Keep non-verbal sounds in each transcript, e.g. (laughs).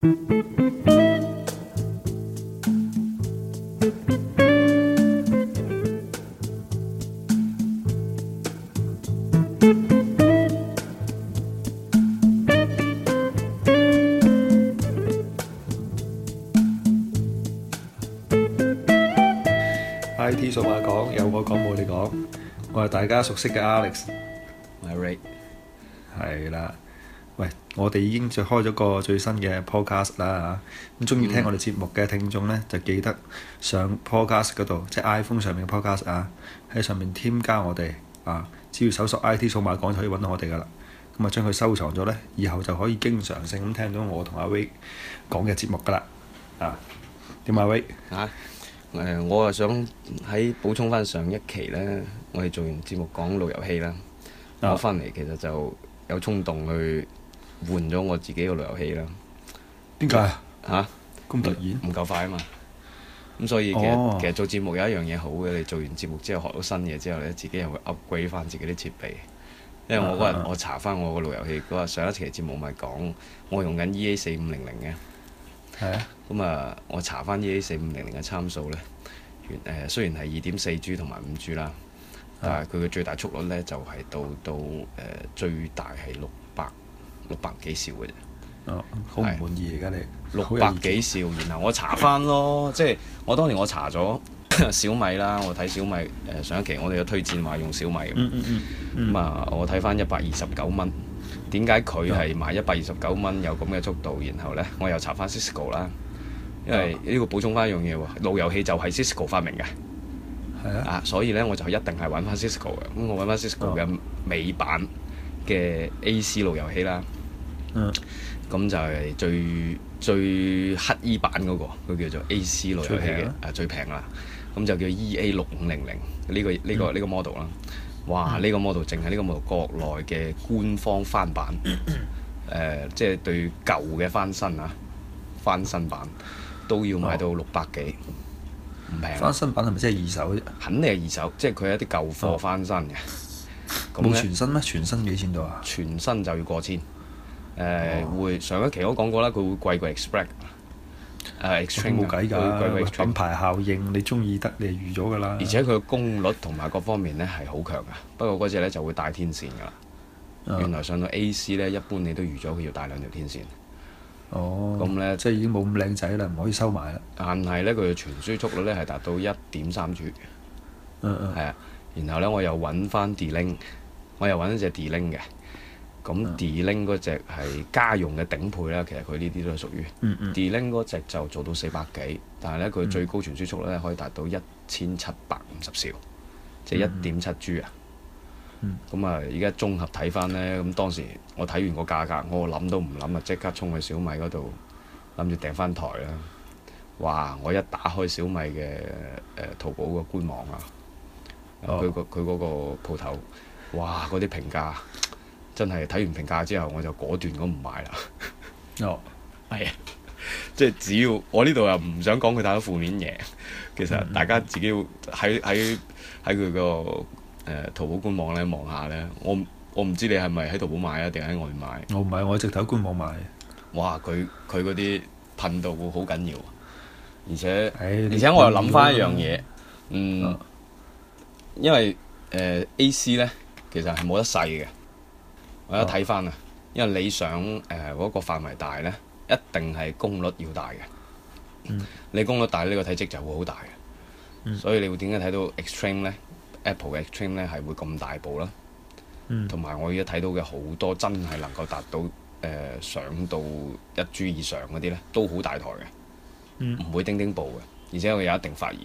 I T 數碼講有我講冇你講，我係大家熟悉嘅 Alex，My Ray，係啦。我哋已經就開咗個最新嘅 podcast 啦嚇，咁中意聽我哋節目嘅聽眾呢，嗯、就記得上 podcast 嗰度，即係 iPhone 上面嘅 podcast 啊，喺上面添加我哋啊，只要搜索 I T 數碼講就可以揾到我哋噶啦。咁啊，將佢收藏咗呢，以後就可以經常性咁聽到我同阿威講嘅節目噶啦啊。點阿威啊？呃、我啊想喺補充翻上一期呢，我哋做完節目講路由器啦，啊、我翻嚟其實就有衝動去。換咗我自己個路由器啦。點解何啊？嚇？咁突然？唔夠快啊嘛。咁所以其實、oh. 其實做節目有一樣嘢好嘅，你做完節目之後學到新嘢之後咧，自己又會 upgrade 翻自己啲設備。因為我嗰日、uh, uh. 我查翻我個路由器，嗰日上一期節目咪講，我用緊 EA 四五零零嘅。係啊。咁啊，我查翻 EA 四五零零嘅參數咧，誒、呃、雖然係二點四 G 同埋五 G 啦，但係佢嘅最大速率咧就係、是、到到誒、呃、最大係六。六百幾兆嘅啫，哦，好唔滿意而家是你六百幾兆，然後我查翻咯， (coughs) 即係我當年我查咗小米啦，我睇小米誒、呃、上一期我哋有推薦話用小米，咁、嗯嗯嗯、啊我睇翻一百二十九蚊，點解佢係賣一百二十九蚊有咁嘅速度，然後呢，我又查翻 Cisco 啦，因為呢個補充翻一樣嘢喎，路由器就係 Cisco 發明嘅，係、嗯嗯、啊，所以呢，我就一定係揾翻 Cisco 嘅，咁我揾翻 Cisco 嘅美版嘅 AC 路由器啦。嗯，咁就係最最黑衣版嗰個，佢叫做 A.C. 路由器嘅，最平啦。咁就叫 E.A. 六五零零呢個呢個呢個 model 啦。哇，呢個 model 淨係呢個 model 國內嘅官方翻版，即係對舊嘅翻新啊，翻新版都要買到六百幾，唔平。翻新版係咪即係二手？肯定係二手，即係佢一啲舊貨翻新嘅。冇全新咩？全新幾錢度啊？全新就要過千。誒、啊、會上一期我都講過啦，佢會貴過 Express、uh, Extreme。誒，冇計㗎，品牌效應，你中意得，你預咗㗎啦。而且佢嘅功率同埋各方面咧係好強嘅，不過嗰隻咧就會帶天線㗎啦。啊、原來上到 AC 咧，一般你都預咗佢要帶兩條天線。哦、啊。咁咧，即係已經冇咁靚仔啦，唔可以收埋啦。但係咧，佢嘅傳輸速率咧係達到一點三 G。嗯嗯、啊。係啊，然後咧，我又揾翻 Dlink，我又揾一隻 Dlink 嘅。咁 D-Link 嗰隻係家用嘅頂配啦。其實佢呢啲都係屬於 D-Link 嗰隻就做到四百幾，但係呢，佢最高傳輸速度呢，可以達到一千七百五十兆，即係一點七 G 啊！咁啊、嗯，而家、嗯、綜合睇翻呢，咁當時我睇完個價格，我諗都唔諗啊，即刻衝去小米嗰度諗住訂翻台啦！哇，我一打開小米嘅誒、呃、淘寶、嗯哦、個官網啊，佢個佢嗰個鋪頭，哇，嗰啲評價～真係睇完評價之後，我就果斷咁唔買啦。哦，係啊，即係只要我呢度又唔想講佢太多負面嘢，其實大家自己喺喺喺佢個誒淘寶官網咧望下咧，我我唔知你係咪喺淘寶買啊，定係喺外買、oh，？我唔係，我直頭官網買。哇！佢佢嗰啲噴度好緊要，而且、哎、而且我又諗翻一樣嘢，嗯，oh. 因為誒、呃、A C 咧其實係冇得細嘅。我一睇翻啊，因為你想誒嗰、呃那個範圍大呢，一定係功率要大嘅。嗯、你功率大，呢個體積就會好大嘅。嗯、所以你會點解睇到 Extreme 呢 Apple 嘅 Extreme 呢係會咁大部啦？同埋我而家睇到嘅好多真係能夠達到誒、呃、上到一 G 以上嗰啲呢，都好大台嘅，唔、嗯、會叮叮部嘅，而且佢有一定發熱。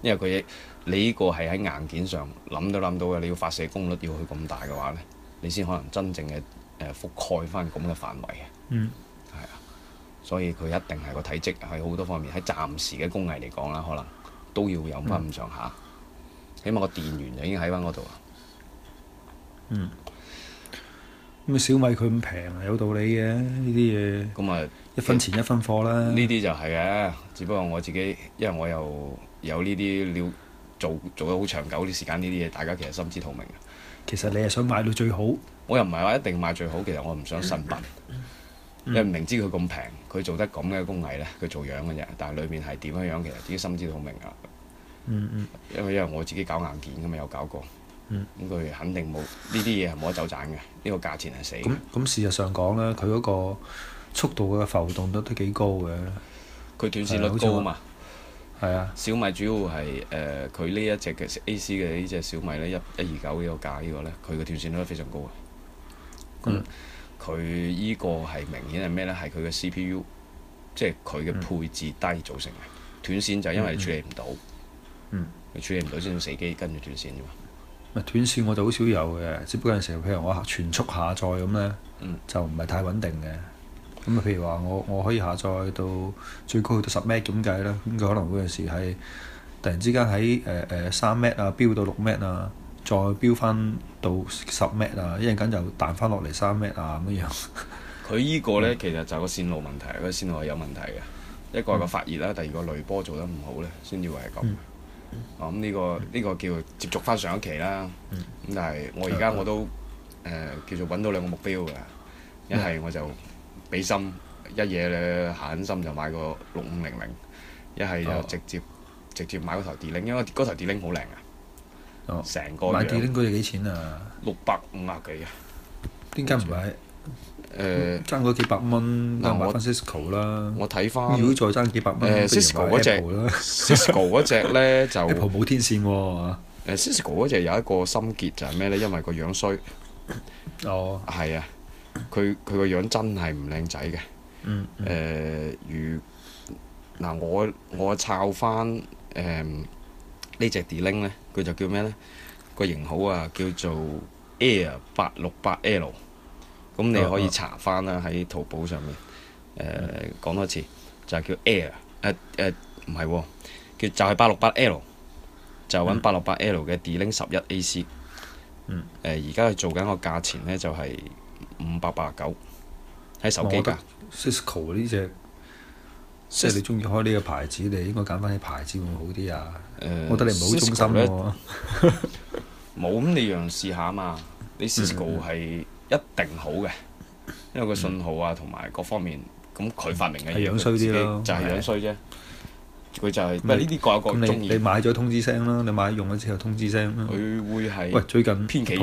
因為佢你呢個係喺硬件上諗都諗到嘅，你要發射功率要去咁大嘅話呢。你先可能真正嘅、呃、覆蓋翻咁嘅範圍嘅，係、嗯、啊，所以佢一定係個體積，喺好多方面，喺暫時嘅工藝嚟講啦、啊，可能都要有翻咁上下，嗯、起碼個電源就已經喺翻嗰度。嗯。咁小米佢咁平係有道理嘅，呢啲嘢。咁啊、嗯，一分錢一分貨啦。呢啲就係嘅、啊，只不過我自己，因為我又有呢啲料做做咗好長久啲時間，呢啲嘢大家其實心知肚明。其實你係想買到最好，我又唔係話一定買最好。其實我唔想新品，因為 (noise) (noise) 明知佢咁平，佢做得咁嘅工藝呢，佢做樣嘅啫。但係裏面係點樣樣，其實自己心知肚明啊。因為因為我自己搞硬件嘅嘛，有搞過，咁佢肯定冇呢啲嘢係冇得走賺嘅。呢、呢個價錢係死咁、嗯嗯、事實上講呢，佢嗰個速度嘅浮動率都幾高嘅。佢斷線率高啊嘛。係啊，小米主要係誒佢呢一隻嘅 A C 嘅呢隻小米咧一一二九呢 1, 個價呢個咧，佢嘅斷線率都非常高啊。咁佢依個係明顯係咩咧？係佢嘅 C P U，即係佢嘅配置低造成嘅，嗯、斷線，就係因為處理唔到。嗯，你處理唔到先死機，跟住斷線啫嘛。咪斷線我就好少有嘅，只不過有陣時候譬如我全速下載咁咧，嗯，就唔係太穩定嘅。咁譬如話我我可以下載到最高去到十 m a c 咁計咧，咁佢可能會有時係突然之間喺誒誒三 m a c 啊，飆到六 m a c 啊，再飆翻到十 m a c 啊，一陣間就彈翻落嚟三 m a c 啊咁樣。佢呢個咧其實就係個線路問題，個線路係有問題嘅。一個係個發熱啦，第二個雷波做得唔好咧，先至會係咁。咁呢個呢個叫接觸翻上一期啦。咁但係我而家我都誒叫做揾到兩個目標嘅，一係我就。俾心一嘢下狠心就買個六五零零，一係就直接直接買嗰頭 D-Link，因為嗰頭 D-Link 好靚啊！成個買 D-Link 嗰啲幾錢啊？六百五啊幾啊？點解唔買？誒，爭嗰幾百蚊都買翻 Cisco 啦。我睇翻，如果再爭幾百蚊，不如買 Apple 啦。Cisco 嗰隻咧就 Apple 冇天線喎。誒，Cisco 嗰隻有一個心結就係咩咧？因為個樣衰。哦。係啊。佢佢個樣真係唔靚仔嘅。誒、嗯嗯呃，如嗱，我我抄翻誒呢隻 D-Link 咧，佢就叫咩咧個型號啊，叫做 Air 八六八 L。咁你可以查翻啦，喺淘寶上面誒講、呃嗯、多次就係叫 Air 誒、呃、誒，唔、呃、係、呃啊、叫就係八六八 L 就揾八六八 L 嘅 D-Link 十一 AC。嗯。誒、嗯，而家佢做緊個價錢咧，就係、是。五百八十九，喺手機架。Cisco 呢隻，即係你中意開呢個牌子，你應該揀翻啲牌子會好啲啊。誒，我覺得你唔好中心喎。冇咁你樣試下啊嘛。你 Cisco 係一定好嘅，因為個信號啊同埋各方面，咁佢發明嘅。係樣衰啲咯，就係樣衰啫。佢就係。呢啲各有各中意。你買咗通知聲啦，你買用咗之後通知聲。佢會係。喂，最近偏幾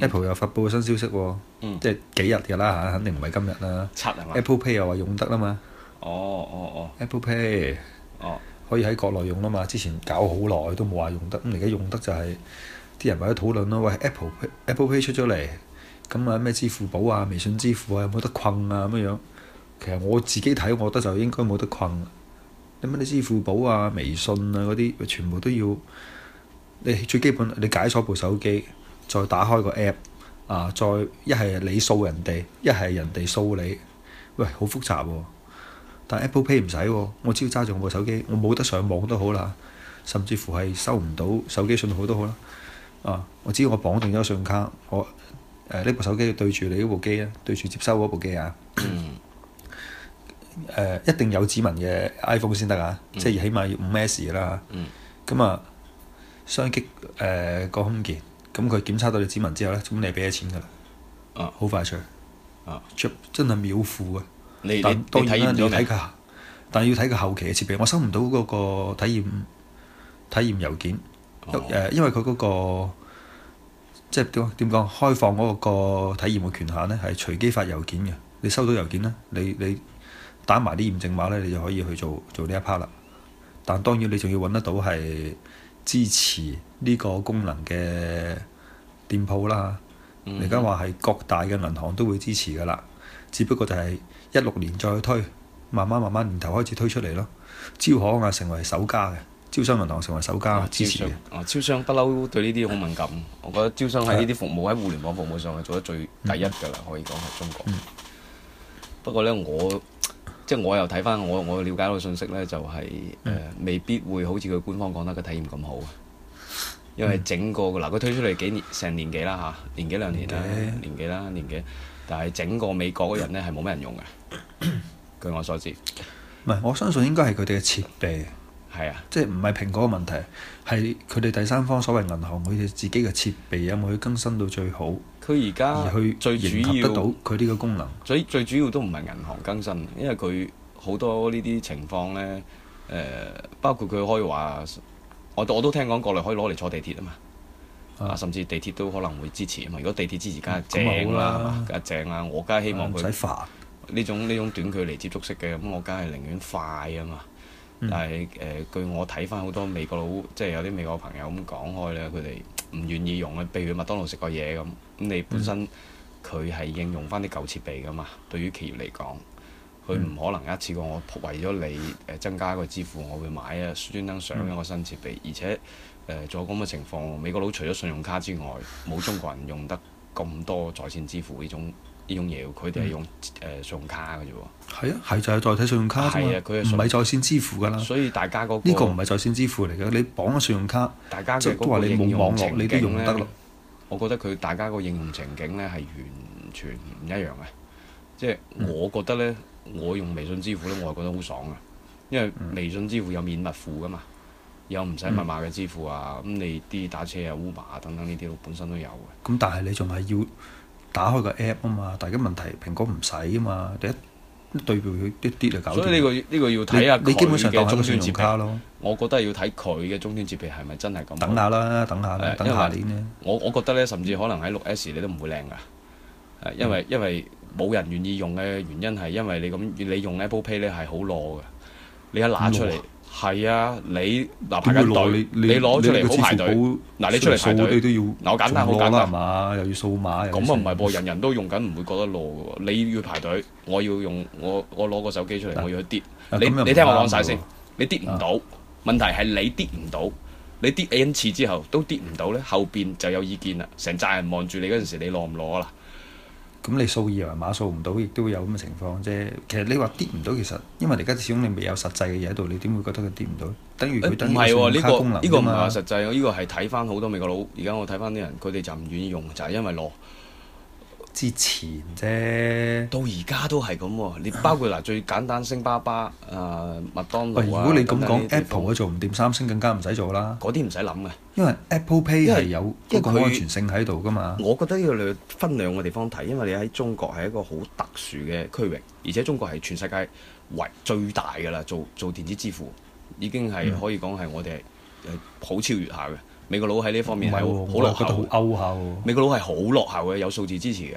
Apple 又發布新消息喎、哦，嗯、即係幾日㗎啦嚇，肯定唔係今日啦。Apple Pay 又話用得啦嘛？哦哦哦，Apple Pay、oh. 可以喺國內用啦嘛？之前搞好耐都冇話用得，咁而家用得就係、是、啲人咪喺度討論咯。喂，Apple Apple Pay 出咗嚟，咁啊咩支付寶啊、微信支付有有啊有冇得困啊咁樣樣？其實我自己睇，我覺得就應該冇得困。點解你支付寶啊、微信啊嗰啲全部都要？你最基本，你解鎖部手機。再打開個 app，啊！再一係你掃人哋，一係人哋掃你，喂，好複雜喎、哦。但 Apple Pay 唔使喎，我只要揸住我部手機，我冇得上網都好啦，甚至乎係收唔到手機信號都好啦。啊，我只要我綁定咗信用卡，我誒呢部手機對住你嗰部機啊，對住接收嗰部機啊。嗯。一定有指紋嘅 iPhone 先得啊，即係起碼要五 S 啦。嗯。咁、嗯、啊，雙擊誒、呃、個 home 鍵。咁佢檢查到你指紋之後呢，咁你係俾咗錢噶啦，好快脆，啊，真係秒付啊！但你當然你驗咗睇下，但要睇個後期嘅設備，我收唔到嗰個體驗體驗郵件，誒、哦，因為佢嗰、嗰個即係點點講開放嗰個體驗嘅權限呢，係隨機發郵件嘅。你收到郵件呢，你你，你打埋啲驗證碼呢，你就可以去做做呢一 part 啦。但當然你仲要揾得到係支持呢個功能嘅。店鋪啦，而家話係各大嘅銀行都會支持噶啦，只不過就係一六年再推，慢慢慢慢年頭開始推出嚟咯。招行啊，成為首家嘅招商銀行成為首家支持嘅。哦，招商不嬲對呢啲好敏感，的我覺得招商喺呢啲服務喺的互聯網服務上係做得最第一㗎啦，嗯、可以講係中國。嗯、不過呢，我即係我又睇翻睇返我我瞭解到信息呢，就係、是呃、未必會好似佢官方講得嘅體驗咁好。因為整個嗱佢、嗯、推出嚟幾年成年幾啦嚇年幾兩年啦年幾紀啦年幾，但係整個美國嘅人咧係冇咩人用嘅， (coughs) 據我所知。唔係，我相信應該係佢哋嘅設備。係啊，即係唔係蘋果嘅問題，係佢哋第三方所謂銀行佢哋自己嘅設備有冇去更新到最好。佢而家而去最主要得到佢呢個功能。最最主要都唔係銀行更新，因為佢好多呢啲情況咧，誒、呃、包括佢可以話。我我都聽講過嚟可以攞嚟坐地鐵啊嘛，啊甚至地鐵都可能會支持啊嘛。如果地鐵支持，梗係、嗯、吧正啦，係嘛？正啊！我梗係希望佢呢、嗯、種呢種短距離接觸式嘅，咁我梗係寧願快啊嘛。但係誒、呃，據我睇翻好多美國佬，即係有啲美國朋友咁講開咧，佢哋唔願意用啊。譬如麥當勞食個嘢咁，咁你本身佢係、嗯、應用翻啲舊設備噶嘛。對於企業嚟講。佢唔可能一次過，我為咗你誒、呃、增加一個支付，我會買啊，專登上一個新設備，嗯、而且誒仲有咁嘅情況，美國佬除咗信用卡之外，冇中國人用得咁多在線支付呢種呢、嗯、種嘢，佢哋係用誒、呃、信用卡嘅啫喎。係啊，係就係在線信用卡啦，唔係、啊啊、在線支付㗎啦。所以大家嗰、那、呢個唔係在線支付嚟嘅，你綁咗信用卡，大家都話你冇網絡，你都用唔得咯。我覺得佢大家個應用情景咧係完全唔一樣嘅，即係、嗯、我覺得咧。嗯我用微信支付咧，我係覺得好爽嘅，因為微信支付有免密付噶嘛，有唔使密碼嘅支付啊，咁、嗯、你啲打車啊、Uber 啊等等呢啲本身都有嘅。咁但係你仲係要打開個 App 啊嘛，大家嘅問題，蘋果唔使啊嘛，第一對佢一啲嚟搞。所以呢、呢個呢、呢個要睇下佢嘅終端設備咯。我覺得要睇佢嘅終端設備係咪真係咁。等下啦，等下等下年我我覺得咧，甚至可能喺六 S 你都唔會靚噶。因為因為冇人願意用嘅原因係因為你咁你用 Apple Pay 咧係好攞嘅。你一拿出嚟係啊，你嗱排緊隊，你攞出嚟好排隊。嗱，你出嚟排隊你都要我簡單好簡單啊嘛，又要掃碼。咁啊唔係噃，人人都用緊，唔會覺得攞喎。你要排隊，我要用我我攞個手機出嚟，我要跌。你你聽我講晒先，你跌唔到問題係你跌唔到，你跌 n 次之後都跌唔到咧，後邊就有意見啦。成扎人望住你嗰陣時，你攞唔攞啦？咁你掃二維碼掃唔到，亦都會有咁嘅情況啫。其實你話跌唔到，其實因為我而家始終你未有實際嘅嘢喺度，你點會覺得佢跌唔到？等於佢等於信用卡功能唔係喎。呢、欸啊呢個唔係、呢個、實際，我、呢、呢個係睇翻好多美國佬。而家我睇翻啲人，佢哋就唔願意用，就係、是、因為落。之前啫，到而家都係咁喎。你包括嗱， (laughs) 最簡單星巴巴，誒、呃，麥當勞、啊，如果你咁講 Apple 都做唔掂，三星更加唔使做啦。嗰啲唔使諗嘅，因為 Apple Pay 係有嗰個安全性喺度㗎嘛。我覺得要你分兩個地方睇，因為你喺中國係一個好特殊嘅區域，而且中國係全世界為最大㗎啦。做做電子支付已經係、嗯、可以講係我哋好超越下嘅。美國佬喺呢方面係好、哦、落後，後，美落後，美國佬係好落後嘅，有數字支持嘅。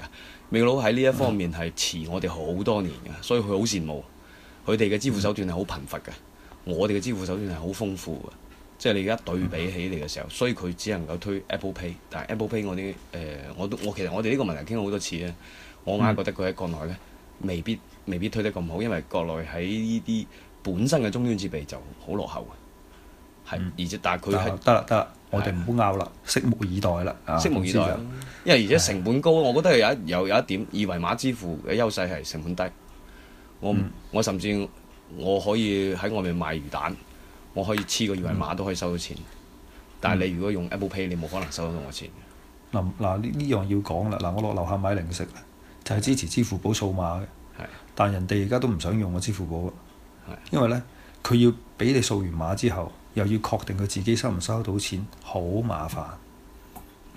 美國佬喺呢一方面係遲我哋好多年嘅，所以佢好羨慕佢哋嘅支付手段係好貧乏嘅。嗯、我哋嘅支付手段係好豐富嘅，即係你而家對比起嚟嘅時候，嗯、所以佢只能夠推 Apple Pay。但係 Apple Pay 我啲誒、呃，我都我其實我哋呢個問題傾好多次啦。我硬覺得佢喺國內咧未必未必推得咁好，因為國內喺呢啲本身嘅終端設備就好落後嘅，係、嗯、而且但係佢係得啦得啦。嗯我哋唔好拗啦，拭目以待啦，拭目以待。因為而且成本高，我覺得有一有有一點，二維碼支付嘅優勢係成本低。我我甚至我可以喺外面賣魚蛋，我可以黐個二維碼都可以收到錢。但係你如果用 Apple Pay，你冇可能收得到我錢。嗱嗱呢呢樣要講啦。嗱，我落樓下買零食，就係支持支付寶掃碼嘅。係。但係人哋而家都唔想用我支付寶，因為呢，佢要俾你掃完碼之後，又要確定佢自己收唔收到錢，好麻煩。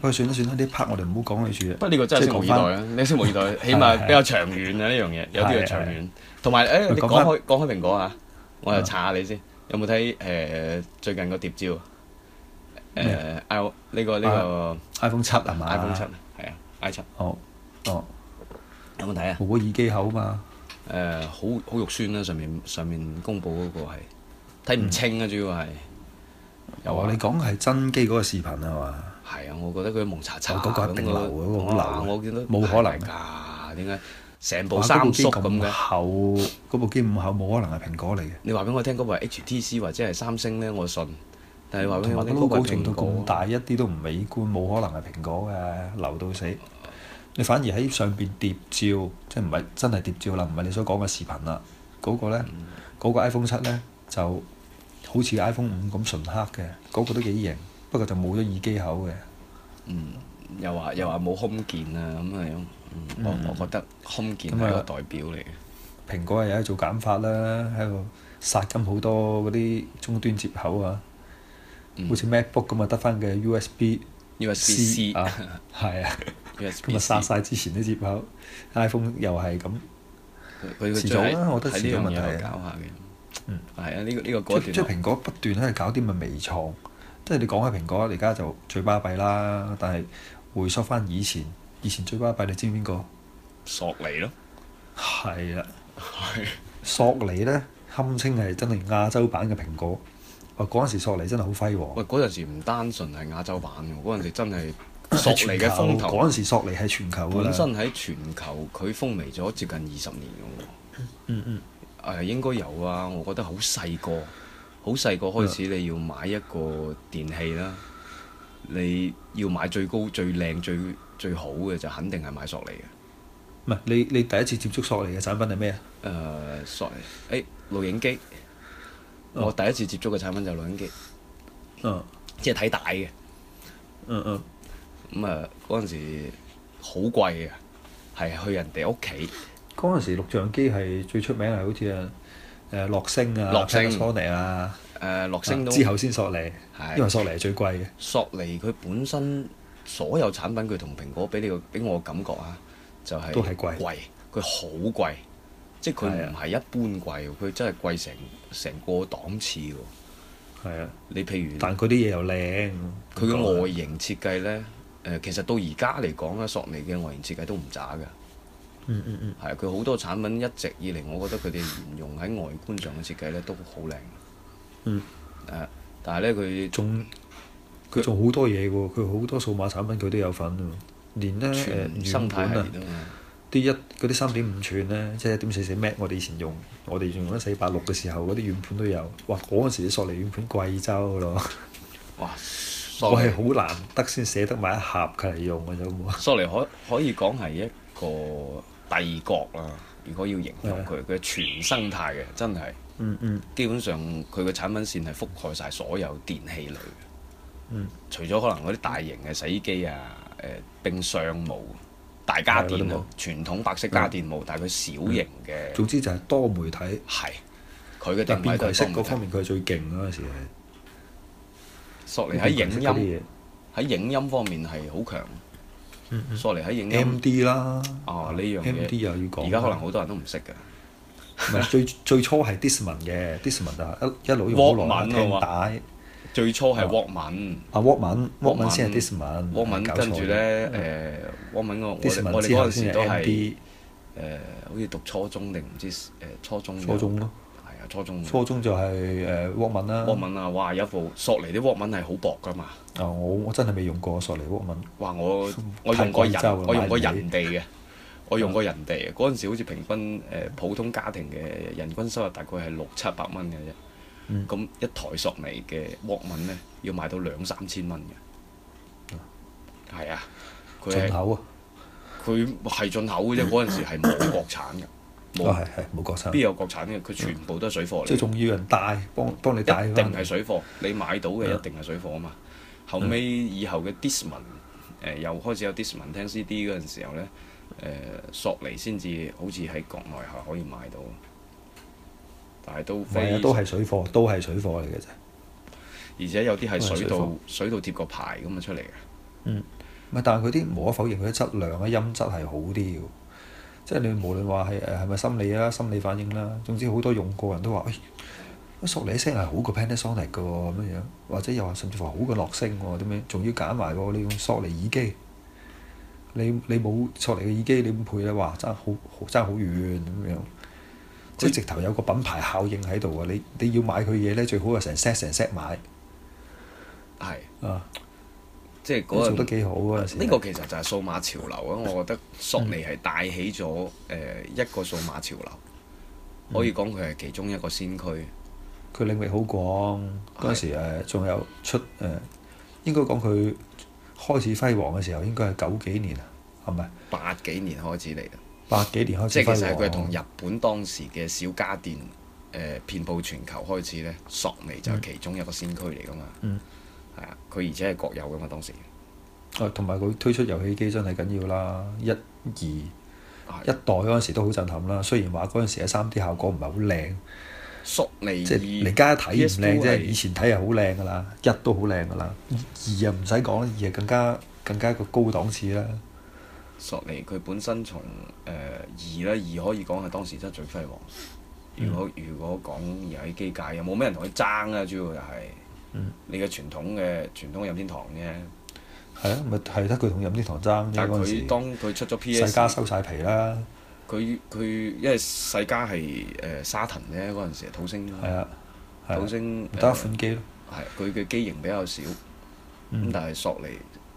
喂，算啦算啦，呢 part 我哋唔好講喺住不過呢個真係拭目以待啦，你拭目以待，起碼比較長遠啊呢樣嘢。有啲係長遠。同埋誒，你講開講開蘋果啊，我又查下你先，有冇睇誒最近個諜照？誒呢個呢個 iPhone 七啊嘛，iPhone 七係啊，iPhone 七。好，哦，有冇睇啊？嗰耳機口啊嘛。誒，好好肉酸啦，上面上面公布嗰個係。睇唔清啊！主要係又話，哦、你講嘅係真機嗰個視頻係、啊、嘛？係啊，我覺得佢蒙查查咁樣。嗰個一定流，嗰個好流。我見到。冇可能㗎，點解成部三縮咁厚？嗰部機咁厚，冇可能係蘋果嚟嘅。你話俾我聽，嗰部係 HTC 或者係三星咧，我信。但係話俾我聽，高級蘋果。高程度咁大一啲都唔美觀，冇可能係蘋果嘅流到死。你反而喺上邊諜照，即係唔係真係諜照啦？唔係你所講嘅視頻啦。嗰、那個咧，嗰、那個、那個、iPhone 七咧就。好似 iPhone 五咁純黑嘅，嗰個都幾型，不過就冇咗耳機口嘅。嗯，又話又話冇 Home 鍵啊，咁啊樣。我我覺得 Home 鍵係一個代表嚟嘅。蘋果又喺度做減法啦，喺度殺咁好多嗰啲終端接口啊。好似 MacBook 咁啊，得翻嘅 USB、USB C 啊，係啊，咁啊殺晒之前啲接口。iPhone 又係咁，遲早啦，我都係遲早問題，搞下嘅。嗯，係啊，呢個呢個階即係蘋果不斷喺度搞啲咪微創，即係你講起蘋果，而家就最巴閉啦。但係回溯翻以前，以前最巴閉你知唔知邊個？索尼咯，係啊，係。索尼咧堪稱係真係亞洲版嘅蘋果。哇，嗰時索尼真係好輝煌。喂，嗰時唔單純係亞洲版嘅，嗰時真係索尼嘅風頭。嗰陣時索尼係全球本身喺全球佢風靡咗接近二十年嘅，嗯嗯。誒應該有啊！我覺得好細個，好細個開始你要買一個電器啦，uh, 你要買最高、最靚、最最好嘅就肯定係買索尼嘅。唔係，你你第一次接觸索尼嘅產品係咩啊？誒索尼，誒錄影機。Uh, 我第一次接觸嘅產品就係錄影機。嗯。即係睇大嘅。嗯嗯。咁啊，嗰陣時好貴啊，係去人哋屋企。嗰陣時錄像機係最出名係好似啊，誒樂聲啊，索尼星啊，誒、啊、樂聲都之後先索尼，的因為索尼係最貴嘅。索尼佢本身所有產品佢同蘋果俾你個俾我嘅感覺啊，就係貴，都貴，佢好貴，即係佢唔係一般貴，佢真係貴成成個檔次喎。啊的，你譬如，但佢啲嘢又靚，佢嘅外形設計咧，誒其實到而家嚟講咧，索尼嘅外形設計都唔渣㗎。嗯嗯嗯，係啊！佢好多產品一直以嚟，我覺得佢哋沿用喺外觀上嘅設計咧，都好靚。嗯。啊，但係咧，佢仲佢做好多嘢喎。佢好多數碼產品，佢都有份喎。連咧誒，軟盤啊，啲都一嗰啲三點五寸咧，即係一點四四 Mac，我哋以前用，我哋用咗四八六嘅時候，嗰啲軟盤都有。哇！嗰陣時索尼軟盤貴到咯。哇！我係好難得先捨得買一盒佢嚟用嘅，有冇啊？索尼可可以講係一個。帝國啦、啊！如果要形容佢，佢係的全生態嘅，真係。嗯嗯、基本上佢嘅產品線係覆蓋晒所有電器類。嗯。除咗可能嗰啲大型嘅洗衣機啊，誒、呃、冰箱模、大家電啊、的傳統白色家電模，的但係佢小型嘅。總之就係多媒體。係。佢嘅定牌都係。但方面佢最勁嗰陣時係。索尼喺影音。喺影音方面係好強。索尼喺影音，M D 啦，啊呢樣嘢，M D 又要講，而家可能好多人都唔識嘅。唔係最最初係 Discman 嘅，Discman 啊，一一路用好耐，聽帶。最初係沃文，阿沃敏，沃敏先係 Discman，沃敏跟住咧，誒沃敏我我我哋嗰陣時都係誒好似讀初中定唔知誒初中。初中咯。初中，初中就係誒沃敏啦，沃、呃、文啊，哇！有一部索尼啲沃文係好薄噶嘛。啊、呃，我我真係未用過索尼沃文。哇，我我用過人，過我用過人哋嘅，嗯、我用過人哋嘅。嗰陣時好似平均誒、呃、普通家庭嘅人均收入大概係六七百蚊嘅啫。咁、嗯、一台索尼嘅沃文咧，要賣到兩三千蚊嘅。係啊、嗯，佢係進口啊，佢係進口嘅啫。嗰陣時係冇國產㗎。冇係，係冇沒、哦、國產。邊有國產嘅？佢全部都係水貨嚟。即係仲要人帶幫幫你帶。定係水貨，你買到嘅一定係水貨啊嘛。嗯、後尾以後嘅 Discman 誒、呃、又開始有 Discman 聽 CD 嗰陣時候咧，誒、呃、索尼先至好似喺國內係可以買到，但係都、啊、都係水貨，都係水貨嚟嘅啫。而且有啲係水道水，水道貼個牌咁啊出嚟嘅。嗯，咪但係佢啲無可否認佢啲質量啊音質係好啲嘅。即係你無論話係誒係咪心理啦、心理反應啦，總之好多用過人都話，喂、哎，索尼聲係好過 Panasonic 嚟嘅咁樣樣，或者又話甚至乎好過樂聲喎，點樣？仲要揀埋喎，你用索尼耳機，你你冇索尼嘅耳機，你唔配啦，話爭好爭好遠咁樣。即係直頭有個品牌效應喺度啊！你你要買佢嘢咧，最好係成 set 成 set 買。係是啊。即係嗰、那個做得幾好啊！呢個其實就係數碼潮流啊！ (laughs) 我覺得索尼係帶起咗誒、呃、一個數碼潮流，嗯、可以講佢係其中一個先驅。佢、嗯、領域好廣，嗰陣時仲是有出誒、呃，應該講佢開始輝煌嘅時候應該係九幾年啊，係咪？八幾年開始嚟啊？八幾年開始,年開始即係其實佢係同日本當時嘅小家電誒、呃、遍佈全球開始咧，索尼就係其中一個先驅嚟噶嘛。嗯嗯係啊，佢而且係國有噶嘛當時。哦，同埋佢推出遊戲機真係緊要啦，一、二、的一代嗰陣時都好震撼啦。雖然話嗰陣時嘅三 D 效果唔係好靚，索尼即係而家睇唔靚，即係以前睇係好靚噶啦，一都好靚噶啦，二啊唔使講，二啊更加更加一個高檔次啦。索尼佢本身從誒、呃、二啦，二可以講係當時真係最輝煌。如果、嗯、如果講遊戲機界又冇咩人同佢爭啊，主要就係、是。嗯、你嘅傳統嘅傳統任天堂啫，係啊，咪係得佢同任天堂爭，但係佢當佢出咗 PS，世嘉收晒皮啦。佢佢因為世嘉係誒沙騰咧嗰陣時，土星啦，啊的，土星的、嗯、得款機咯。係佢嘅機型比較少，咁、嗯、但係索尼，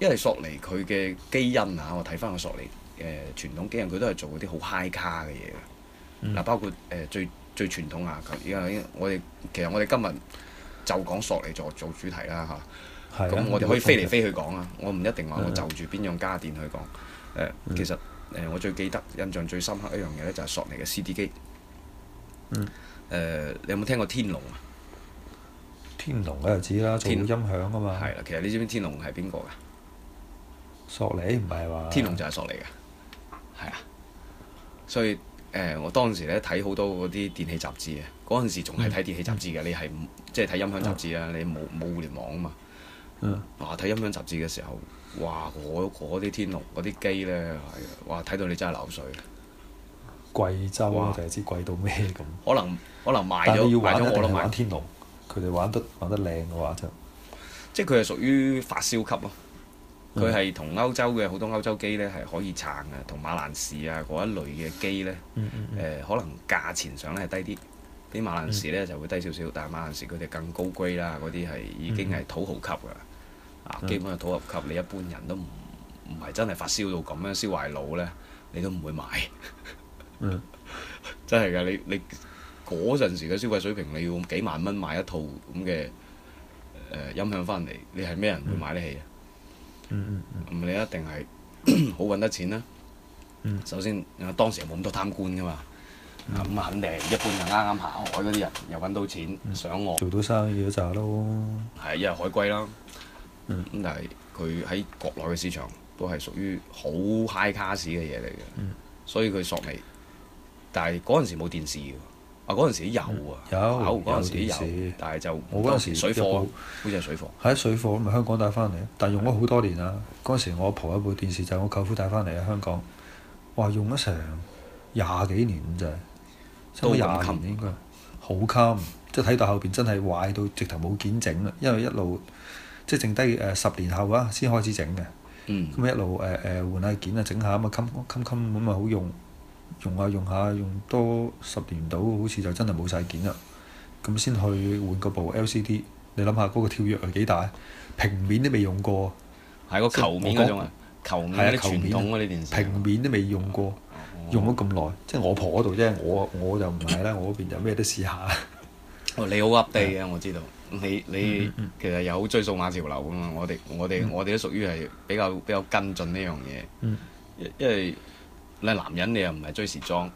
因為索尼佢嘅基因啊，我睇翻個索尼誒傳統基因，佢都係做嗰啲好 high 卡嘅嘢嘅。嗱、嗯，包括誒、呃、最最，最傳統啊，咁因為我哋其實我哋今日。就講索尼做做主題啦嚇，咁的我哋可以飛嚟飛去講啊！嗯、我唔一定話我就住邊樣家電去講。的其實、嗯呃、我最記得、印象最深刻一樣嘢呢，就係索尼嘅 CD 機、嗯呃。你有冇聽過天龍啊？天龍我就知啦，做音響啊嘛。係啦，其實你知唔知天龍係邊個噶？索尼唔係話。天龍就係索尼噶，係啊，所以。誒、欸，我當時咧睇好多嗰啲電器雜誌嘅，嗰陣時仲係睇電器雜誌嘅，嗯、你係即係睇音響雜誌啦，嗯、你冇冇互聯網啊嘛。嗯。哇、啊！睇音響雜誌嘅時候，哇！嗰啲天龍嗰啲機咧係哇！睇到你真係流水。貴州哇我第知貴到咩噉，可能可能買咗買咗我都玩天龍，佢哋玩得玩得靚嘅話就，即係佢係屬於發燒級咯、啊。佢係同歐洲嘅好多歐洲機呢係可以撐嘅，同馬蘭士啊嗰一類嘅機呢、嗯嗯呃，可能價錢上呢係低啲，啲、嗯、馬蘭士呢就會低少少，但係馬蘭士佢哋更高 grade 啦，嗰啲係已經係土豪級㗎，啊基本上土豪級，你一般人都唔唔係真係發燒到咁樣燒壞腦呢，你都唔會買。 (laughs) 真係㗎，你你嗰陣時嘅消費水平，你要幾萬蚊買一套咁嘅、呃、音響翻嚟，你係咩人會買得起？嘢、嗯？嗯嗯嗯，嗯你一定係 (coughs) 好揾得錢啦。嗯、首先，當時冇咁多貪官㗎嘛，咁啊、嗯、肯定一般就啱啱下海嗰啲人又揾到錢，上岸、嗯、我做到生意都賺咯。係，因為海歸咯。咁、嗯、但係佢喺國內嘅市場都係屬於好 high clas、嗯、s 嘅嘢嚟嘅，所以佢索美。嗯、但係嗰陣時冇電視。啊！嗰時有啊，有有電視，但係就我嗰陣時水貨，好似係水貨。喺水貨咁咪香港帶翻嚟，但係用咗好多年啊。嗰陣時我婆一部電視就係我舅父帶翻嚟喺香港。哇！用咗成廿幾年咁滯，差唔多廿年應該。好襟，即係睇到後邊真係壞到直頭冇件整啦，因為一路即係剩低誒十年後啊先開始整嘅。咁一路誒誒換下件啊，整下咁啊襟襟襟咁咪好用。用下用下，用多十年到，好似就真係冇晒件啦。咁先去換個部 LCD。你諗下嗰個跳躍係幾大？平面都未用過，係個球面嗰種啊，球嗰啲傳統嗰啲電視，平面都未用過，用咗咁耐。即係我婆嗰度，啫，我我就唔係啦，我嗰邊就咩都試下。哦，你好 update 啊！我知道你你其實有追數碼潮流㗎嘛。我哋我哋我哋都屬於係比較比較跟進呢樣嘢。因為。你係男人你又唔係追時裝，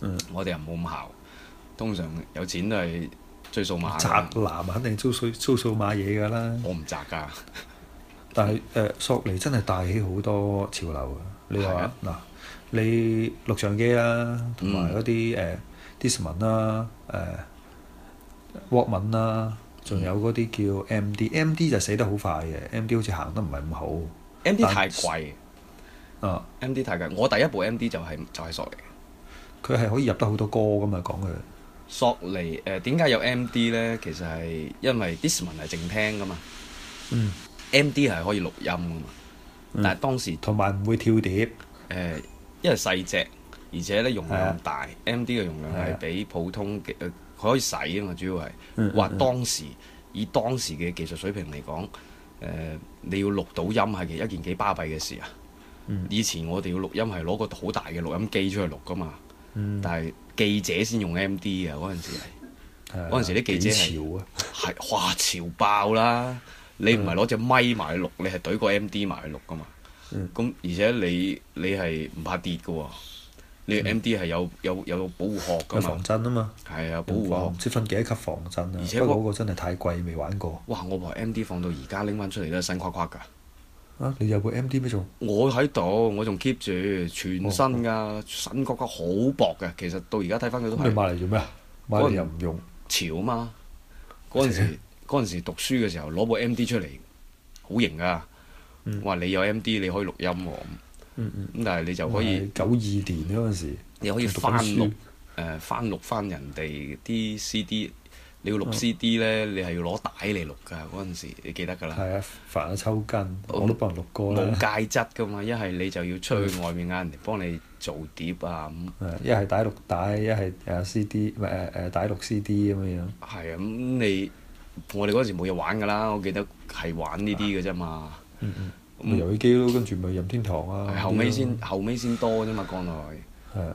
嗯，我哋又冇咁姣，通常有錢都係追數碼。宅男肯定追追數碼嘢㗎啦。我唔宅㗎，但係誒、呃、索尼真係帶起好多潮流啊！你話嗱，你錄像機啦、啊，同埋嗰啲誒 Discman 啦，誒 Walkman 啦，仲有嗰啲叫 MD，MD 就死得好快嘅，MD 好似行得唔係咁好，MD 但太貴。啊、oh.！M.D. 太勁，我第一部 M.D. 就係、是、就係、是、索尼。佢係可以入得好多歌噶嘛，講佢索尼誒。點、呃、解有 M.D. 呢？其實係因為 Discman 係靜聽噶嘛。嗯、M.D. 係可以錄音噶嘛？嗯、但係當時同埋唔會跳碟誒、呃，因為細隻而且咧容量大。的 M.D. 嘅容量係比普通嘅佢的、呃、可以洗啊嘛。主要係話、嗯、當時以當時嘅技術水平嚟講，誒、呃呃，你要錄到音係其實一件幾巴閉嘅事啊。以前我哋要錄音係攞個好大嘅錄音機出去錄㗎嘛，嗯、但係記者先用 M D 啊。嗰陣時係，嗰陣的時啲記者係係潮、啊、哇潮爆啦！你唔係攞隻咪埋去錄，嗯、你係懟個 M D 埋去錄㗎嘛。咁、嗯、而且你你係唔怕跌嘅喎，你 M D 係有有有保護殼嘅嘛，防震啊嘛。係啊，保護，保護殼，唔知分幾多級防震啊。而且嗰個真係太貴，未玩過。哇！我部 M D 放到而家拎返出嚟都係新框框㗎。啊！你有部 M D 咩仲？我喺度，我仲 keep 住，全新噶，省角角好薄嘅。其實到而家睇翻佢都。你買嚟做咩啊？買嚟又唔用。潮啊嘛！嗰陣時嗰陣麼時，時讀書嘅時候攞部 M D 出嚟，好型噶。嗯、哇！你有 M D 你可以錄音喎。嗯嗯。咁但係你就可以九二年嗰陣時，你可以翻書錄誒翻、呃、錄翻人哋啲 C D。你要錄 C D 咧，你係要攞帶嚟錄㗎。嗰陣時你記得㗎啦。係啊，煩到抽筋，我都冇錄過啦。冇介質㗎嘛，一係你就要出去外面嗌人哋幫你做碟啊咁。誒，一係帶錄帶，一係誒 C D，唔係誒誒帶錄 C D 咁嘅樣。係啊，咁你我哋嗰陣時冇嘢玩㗎啦。我記得係玩呢啲㗎啫嘛。嗯嗯。咁遊戲機咯，跟住咪任天堂啊！後尾先後尾先多啫嘛，嗰陣時。係。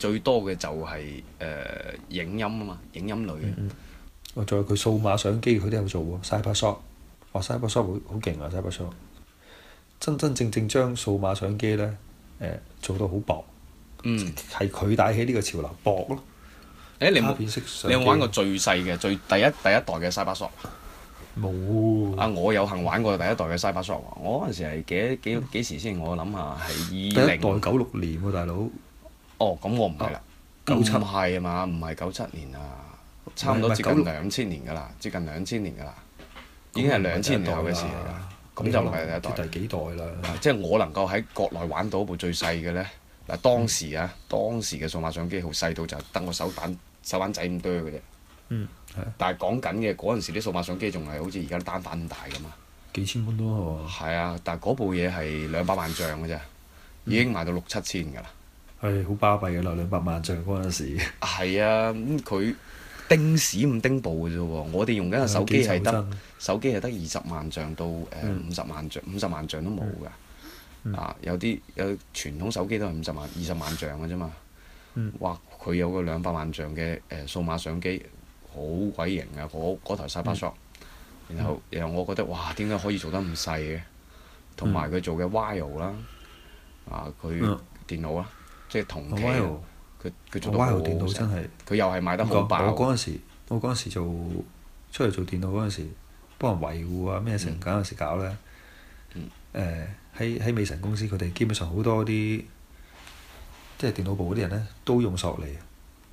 最多嘅就係誒影音啊嘛，影音類嘅。我仲有佢數碼相機，佢都有做喎。Cyber-shot，哇，Cyber-shot 好好勁啊！Cyber-shot 真真正正將數碼相機咧，誒、欸、做到好薄。嗯，係佢帶起呢個潮流薄咯、啊。誒、欸，你有冇、啊、玩過最細嘅最第一第一代嘅 Cyber-shot？冇。啊，我有幸玩過第一代嘅 Cyber-shot 喎。我嗰陣時係幾多幾時先？我諗下係二零九六年喎、啊，大佬。哦，咁我唔係啦。九七係嘛？唔係九七年啊。差唔多接近兩千年㗎啦，接近兩千年㗎啦，已經係兩千年後嘅事嚟啦。咁就唔係第一代。代了第幾代啦？即係我能夠喺國內玩到部最細嘅咧嗱，當時啊，嗯、當時嘅數碼相機好細到就係得個手板，手板仔咁多嘅啫。嗯啊、但係講緊嘅嗰陣時，啲數碼相機仲係好似而家啲單反咁大咁啊。幾千蚊咯，係啊，但係嗰部嘢係兩百萬像㗎啫，已經賣到六、嗯、七千㗎啦。係好巴閉㗎啦，攞兩百萬像嗰陣時。係 (laughs) 啊，咁、嗯、佢。丁屎五丁部嘅啫喎，我哋用緊嘅手機係得手機係得二十萬像到五十、嗯、萬像五十萬像都冇㗎，啊、嗯嗯 uh, 有啲有傳統手機都係五十萬二十萬像嘅啫嘛，哇佢、嗯、有個兩百萬像嘅誒數碼相機，好鬼型啊！嗰嗰台 Cyber-shot，然後然後我覺得哇點解可以做得咁細嘅？同埋佢做嘅 VAIO 啦，啊佢、這個、電腦啦，即係同。嗯嗯佢真佢又做到好。我嗰常時我嗰時做出嚟做電腦嗰陣時，幫人維護啊，咩成日搞啊，成、嗯、搞呢。喺喺、嗯呃、美神公司，佢哋基本上好多啲即係電腦部嗰啲人呢，都用索尼，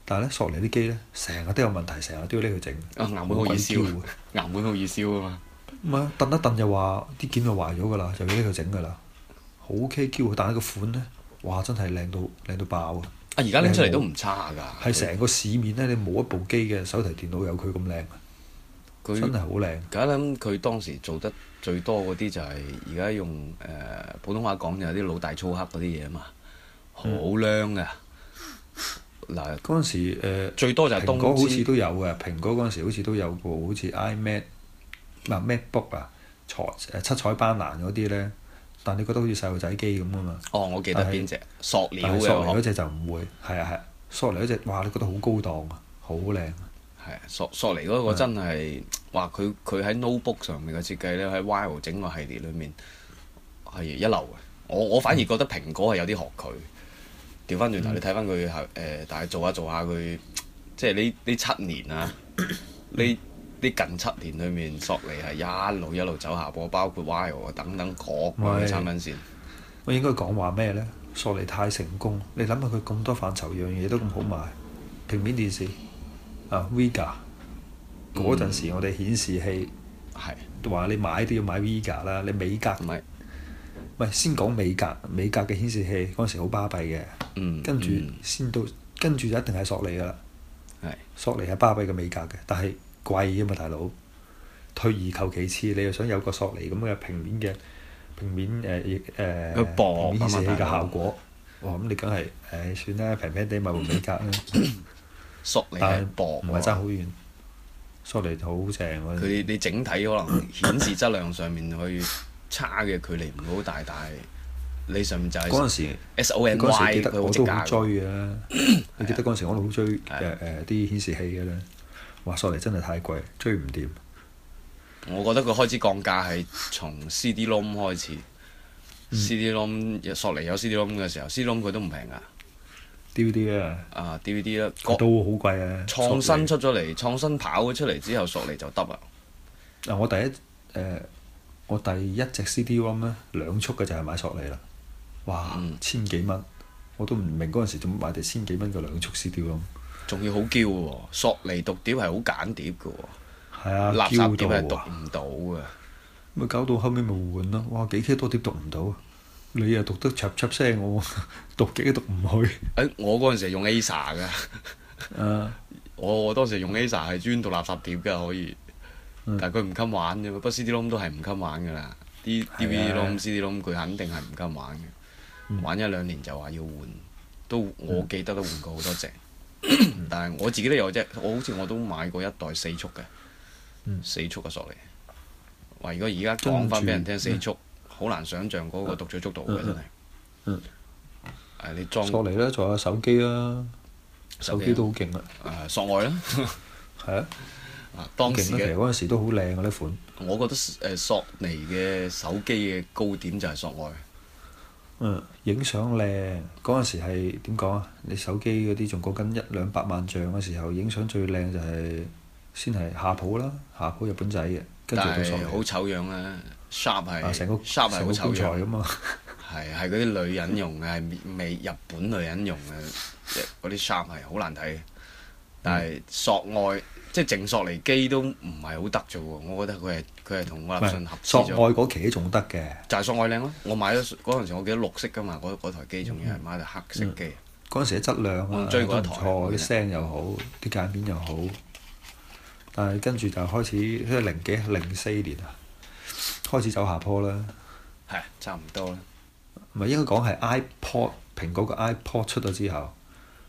但係呢，索尼啲機呢，成日都有問題，成日都要拎去整。啊！岩門好易燒，岩 (laughs) 門好易燒啊嘛。唔係， (laughs) 燉 (laughs) 一燉就話啲鍵就壞咗㗎啦，就要拎去整㗎啦。 (laughs) 好 KQ，但係個款呢，哇！真係靚到靚到爆啊！而家拎出嚟都唔差㗎，係成個市面咧，它你冇一部機嘅手提電腦有佢咁靚，它真係好靚。而家諗佢當時做得最多嗰啲就係而家用誒、呃、普通話講就係啲老大粗黑嗰啲嘢啊嘛，好靚噶。嗱嗰陣時、呃、最多就係東芝，蘋果好似都有嘅，蘋果嗰陣時好似都有部好似 iMac 唔、啊、MacBook 啊，彩誒七彩斑斕嗰啲咧。但你覺得好似細路仔機咁噶嘛？哦，我記得邊隻索尼嘅，索尼嗰隻就唔會，係啊係，索尼嗰隻哇，你覺得好高檔啊，好靚啊，係啊，索索尼嗰個真係哇，佢佢喺 notebook 上面嘅設計咧，喺 VAIO 整個系列裡面係一流嘅。我我反而覺得蘋果係有啲學佢。調翻轉頭，你睇翻佢係誒，但係做下做下佢，即係呢呢七年啊，呢。啲近七年裏面，索尼係一路一路走下坡，包括 VAIO 等等各種產品線。我應該講話咩呢？索尼太成功，你諗下佢咁多範疇樣嘢都咁好賣。平面電視啊，Vega 嗰陣時，我哋顯示器係話、嗯、你買都要買 Vega 啦。你美格唔係，是先講美格美格嘅顯示器嗰陣時好巴閉嘅，嗯、跟住先到、嗯、跟住就一定係索尼噶啦。係索尼係巴閉嘅美格嘅，但係。貴啊嘛，大佬！退而求其次，你又想有個索尼咁嘅平面嘅平面誒誒，平面嘅效果。咁你梗係，算啦，平平地買部美格啦。索尼唔係爭好遠。索尼好正，佢你整體可能顯示質量上面去差嘅距離唔會好大，但係你上面就係嗰陣時 SONY，記得我好追，你記得嗰陣時我都好追啲顯示器嘅咧。哇！索尼真係太貴，追唔掂。我覺得佢開始降價係從 CD-ROM 開始，嗯、CD-ROM 索尼有 CD-ROM 嘅時候，CD-ROM 佢都唔平噶。DVD 啊！DVD 啦，啊、割都好貴啊！創新出咗嚟，尼創新跑咗出嚟之後，索尼就得啦。嗱、啊，我第一誒、呃，我第一隻 CD-ROM 咧，兩速嘅就係買索尼啦。哇，嗯、千幾蚊，我都唔明嗰陣時做乜買對千幾蚊嘅兩速 CD-ROM。仲要好嬌喎，索尼讀碟係好簡碟嘅喎，垃圾碟係讀唔到嘅。咪搞到後尾咪換咯。哇，幾 K 多碟讀唔到？你又讀得嚓嚓聲，我讀極都讀唔去。誒，我嗰陣時用 Aisa 噶。誒，我當時用 Aisa 係專讀垃圾碟㗎，可以。但係佢唔襟玩嘅，不過 CD-ROM 都係唔襟玩㗎啦。啲 DVD-ROM、CD-ROM 佢肯定係唔襟玩嘅。玩一兩年就話要換，都我記得都換過好多隻。但係我自己都有隻，我好似我都買過一代四速嘅，嗯、四速嘅索尼。話如果而家講翻俾人聽，著四速好、嗯、難想像嗰個讀取速度嘅真係、嗯嗯啊。你裝。索尼啦，仲有手機啦、啊，手機、啊、手機都好勁嘅。啊，索愛啦？係 (laughs) 啊，啊。當時嘅嗰陣時都好靚嗰呢款。我覺得索尼嘅手機嘅高點就係索愛。嗯，影相靚嗰陣時係點講啊？你手機嗰啲仲講緊一兩百萬像嗰時候，影相最靚就係、是、先係夏普啦，夏普日本仔嘅，跟住好醜樣啊！sharp 係成個 sharp 係好醜樣咁啊！係係嗰啲女人用嘅，係畀日本女人用嘅，嗰啲 sharp 係好難睇。但係索愛即係淨索尼機都唔係好得啫喎，我覺得佢係。佢係同立訊合接索愛嗰期啲仲得嘅，就係索愛靚咯。我買咗嗰陣時，我記得綠色噶嘛。嗰台機仲要係買台黑色機。嗰陣、嗯、時啲質量啊、嗯、都唔錯，啲、嗯、聲又好，啲界面又好。但係跟住就開始即係零幾零四年啊，開始走下坡啦。係差唔多啦。唔係應該講係 iPod 蘋果嘅 iPod 出咗之後，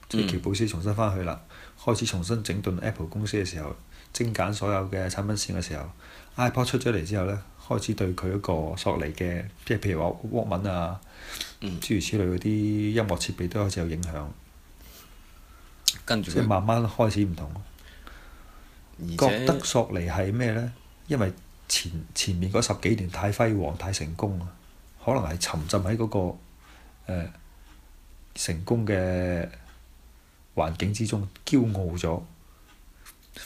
即係、嗯、喬布斯重新翻去啦，開始重新整頓 Apple 公司嘅時候，精簡所有嘅產品線嘅時候。iPod 出咗嚟之後呢，開始對佢嗰個索尼嘅，即係譬如話 Walkman 啊，諸如此類嗰啲音樂設備都開始有影響，跟住即係慢慢開始唔同咯。且覺得索尼係咩呢？因為前前面嗰十幾年太輝煌、太成功，可能係沉浸喺嗰、那個誒、呃、成功嘅環境之中，驕傲咗，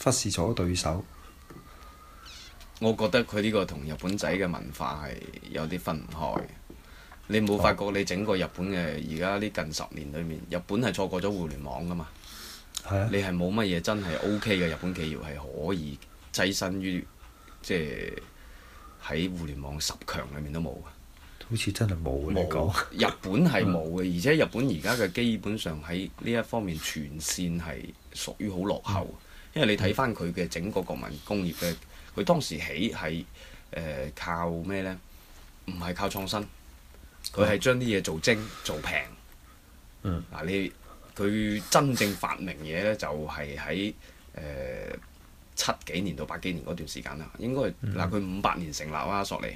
忽視咗對手。我覺得佢呢個同日本仔嘅文化係有啲分唔開。你冇發覺你整個日本嘅而家呢，近十年裏面，日本係錯過咗互聯網噶嘛？你係冇乜嘢真係 O.K. 嘅日本企業係可以躋身於即係喺互聯網十強裏面都冇㗎。好似真係冇。日本係冇嘅，而且日本而家嘅基本上喺呢一方面全線係屬於好落後，因為你睇返佢嘅整個國民工業嘅。佢當時起係誒、呃、靠咩咧？唔係靠創新，佢係將啲嘢做精做平。嗯。嗱、啊、你佢真正發明嘢咧，就係喺誒七幾年到八幾年嗰段時間啦。應該嗱佢五百年成立啦、啊，索尼。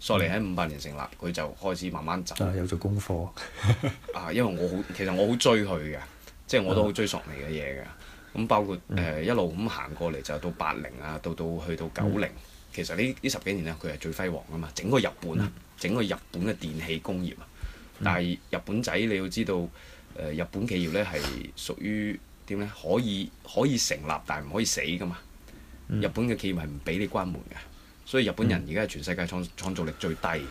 索尼喺五百年成立，佢就開始慢慢走。啊、有做功課。 (laughs) 啊，因為我好，其實我好追佢嘅，即係我都好追索尼嘅嘢㗎。咁包括誒、呃、一路咁行過嚟就到八零啊，到到去到九零、嗯，其實呢呢十幾年咧佢係最輝煌啊嘛，整個日本啊，整個日本嘅電器工業啊，嗯、但係日本仔你要知道誒、呃，日本企業咧係屬於點咧？可以可以成立但係唔可以死噶嘛。嗯、日本嘅企業係唔俾你關門嘅，所以日本人而家係全世界創創造力最低嘅，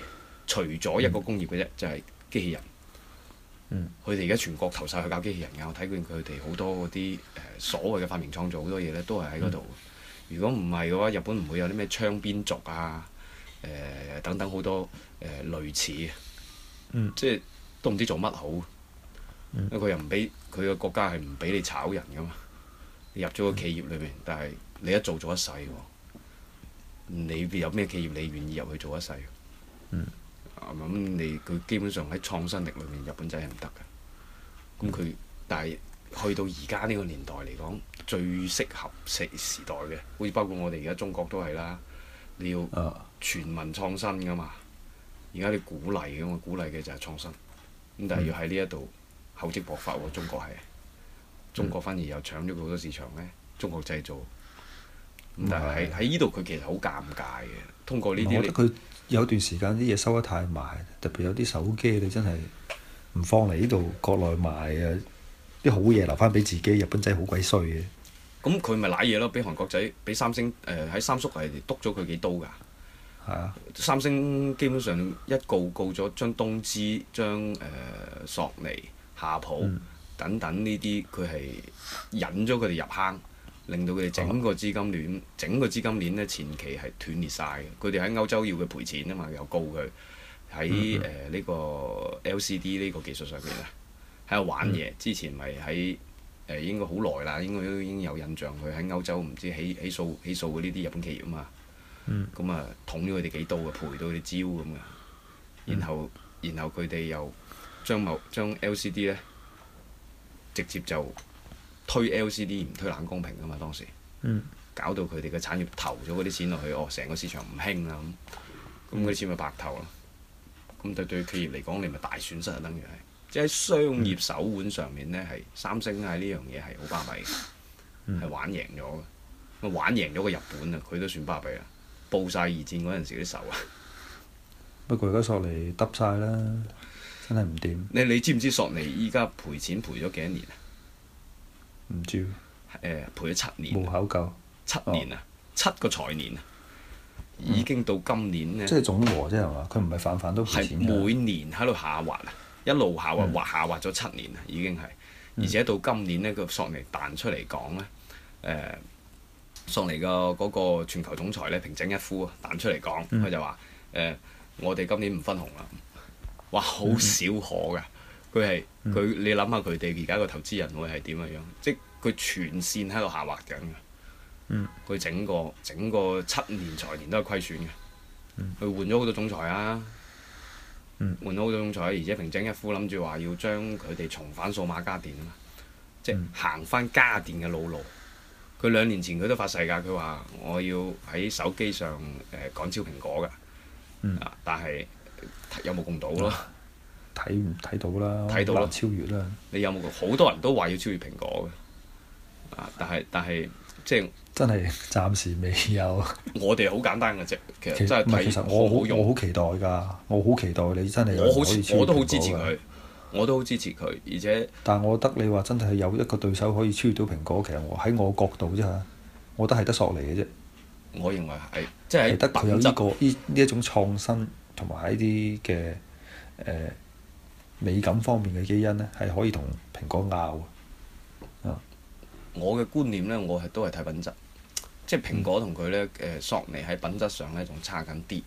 除咗一個工業嘅啫，嗯，就係機器人。佢哋而家全國投晒去搞機器人㗎，我睇見佢哋好多嗰啲、呃、所謂嘅發明創造好多嘢咧，都係喺嗰度。嗯、如果唔係嘅話，日本唔會有啲咩窗邊族啊，呃、等等好多誒、呃、類似，嗯、即係都唔知做乜好。因為佢又唔俾佢嘅國家係唔俾你炒人㗎嘛，你入咗個企業裏面，嗯、但係你一做做一世喎，你有咩企業你願意入去做一世？嗯咁、嗯、你佢基本上喺創新力裏面，日本仔係唔得嘅。咁、嗯、佢、嗯、但係去到而家呢個年代嚟講，最適合時時代嘅，好似包括我哋而家中國都係啦。你要全民創新㗎嘛？而家你鼓勵嘅嘛，我鼓勵嘅就係創新。咁、嗯嗯、但係要喺呢一度厚積薄發喎、啊，中國係。中國反而又搶咗好多市場咧，中國製造。但係喺呢度佢其實好尷尬嘅，通過呢啲，我覺得佢有段時間啲嘢收得太埋，特別有啲手機你真係唔放嚟呢度國內賣啊！啲好嘢留翻俾自己，日本仔好鬼衰嘅。咁佢咪瀨嘢咯？俾韓國仔，俾三星誒喺、呃、三叔係督咗佢幾刀㗎。係啊！三星基本上一告告咗，將東芝、將誒、呃、索尼、夏普等等呢啲，佢係、嗯、引咗佢哋入坑。令到佢哋整個資金鏈，整個資金鏈咧前期係斷裂晒嘅。佢哋喺歐洲要佢賠錢啊嘛，又告佢喺誒呢個 LCD 呢個技術上邊啊，喺度玩嘢。Mm hmm. 之前咪喺誒應該好耐啦，應該都已經有印象佢喺歐洲唔知起起訴起訴嘅呢啲日本企業啊嘛。嗯、mm。咁啊，捅咗佢哋幾刀啊，賠到佢哋招咁嘅。然後，mm hmm. 然後，然後佢哋又將某將 LCD 咧直接就。推 LCD 唔推冷光屏㗎嘛當時，嗯、搞到佢哋嘅產業投咗嗰啲錢落去，哦成個市場唔興啦咁，咁嗰啲錢咪白投咯。咁對對企業嚟講，你咪大損失啊，等於係即係商業手腕上面咧，係、嗯、三星喺呢樣嘢係好巴閉嘅，係、嗯、玩贏咗嘅。玩贏咗個日本啊，佢都算巴閉啊，報晒二戰嗰陣時啲仇啊。不過而家索尼耷晒啦，真係唔掂。你你知唔知索尼依家賠錢賠咗幾多年啊？唔知喎，陪咗、呃、七年。七年啊，哦、七個財年啊，嗯、已經到今年呢，即係總和啫係嘛？佢唔係反反都賠錢。係每年喺度下滑啊，一路下滑，滑下滑咗、嗯、七年啊，已經係。而且到今年呢，個索尼彈出嚟講呢，誒、呃，索尼個嗰個全球總裁呢，平井一夫彈出嚟講，佢、嗯、就話、呃、我哋今年唔分紅啦。哇！好少可㗎。嗯佢係佢，你諗下佢哋而家個投資人會係點樣樣？即係佢全線喺度下滑緊嘅。佢、嗯、整個整個七年財年都係虧損嘅。佢、嗯、換咗好多總裁啊。嗯。換咗好多總裁、啊，而且平井一夫諗住話要將佢哋重返數碼家電嘛啊。嗯。即係行翻家電嘅老路。佢兩年前佢都發誓㗎，佢話我要喺手機上誒、呃、趕超蘋果㗎、嗯啊。但係有冇共睹咯、啊？啊。睇唔睇到啦？睇到超越啦。你有冇好多人都話要超越蘋果嘅、啊、但係但係即係真係暫時未有。 (laughs) 我哋好簡單嘅啫，其實其實我好我好期待㗎。我好期待你真係。我我都好支持佢，我都好支持佢，而且，但係我覺得你話真係有一個對手可以超越到蘋果，其實我喺我角度啫嚇，我覺得係得索尼嘅啫。我認為係即係得佢有呢、呢個呢一種創新同埋一啲嘅誒。美感方面嘅基因呢，係可以同蘋果拗啊！我嘅觀念呢，我係都係睇品質，即係蘋果同佢呢、呃、索尼喺品質上呢，仲差緊啲，